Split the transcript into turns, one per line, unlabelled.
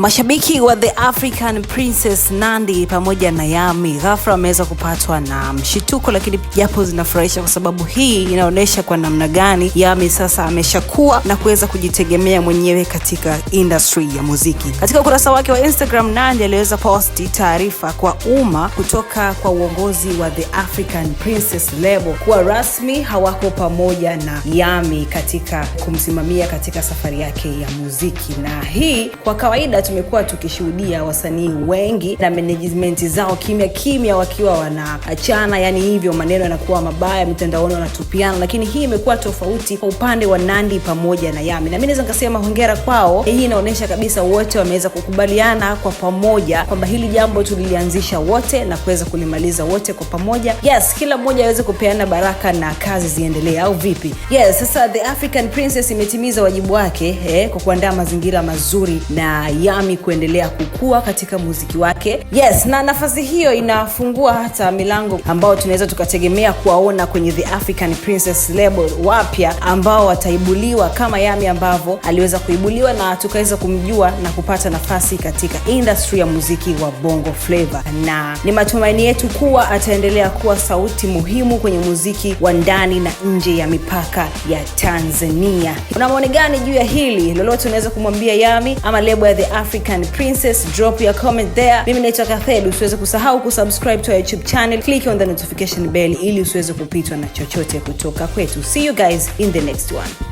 Mashabiki wa The African Princess nandi pamoja na Yami ghafla wameweza kupatwa na mshituko, lakini japo zinafurahisha kwa sababu hii inaonyesha kwa namna gani Yami sasa ameshakuwa na kuweza kujitegemea mwenyewe katika industry ya muziki. Katika ukurasa wake wa Instagram, nandi aliweza posti taarifa kwa umma kutoka kwa uongozi wa The African Princess Label kuwa rasmi hawako pamoja na Yami katika kumsimamia katika safari yake ya muziki, na hii kwa kawaida tumekuwa tukishuhudia wasanii wengi na management zao kimya kimya wakiwa wanaachana, yani hivyo maneno yanakuwa mabaya mitandaoni, wanatupiana, lakini hii imekuwa tofauti kwa upande wa Nandi pamoja na Yami, na mimi naweza nikasema hongera kwao. Hii inaonyesha kabisa wote wameweza kukubaliana kwa pamoja kwamba hili jambo tulilianzisha wote na kuweza kulimaliza wote kwa pamoja. Yes, kila mmoja aweze kupeana baraka na kazi ziendelee, au vipi? Yes, sasa The African Princess imetimiza wajibu wake eh, kwa kuandaa mazingira mazuri na Yami Nami kuendelea kukua katika muziki wake. Yes, na nafasi hiyo inafungua hata milango ambao tunaweza tukategemea kuwaona kwenye The African Princess label wapya ambao wataibuliwa kama Yami ambavyo aliweza kuibuliwa na tukaweza kumjua na kupata nafasi katika industry ya muziki wa Bongo Flava, na ni matumaini yetu kuwa ataendelea kuwa sauti muhimu kwenye muziki wa ndani na nje ya mipaka ya Tanzania. Una maoni gani juu ya hili? Lolote unaweza kumwambia Yami ama lebo ya The African African Princess. Drop your comment there. Mimi naitwa Kathel, usiweze kusahau kusubscribe to our YouTube channel, click on the notification bell ili usiweze kupitwa na chochote kutoka kwetu. See you guys in the next one.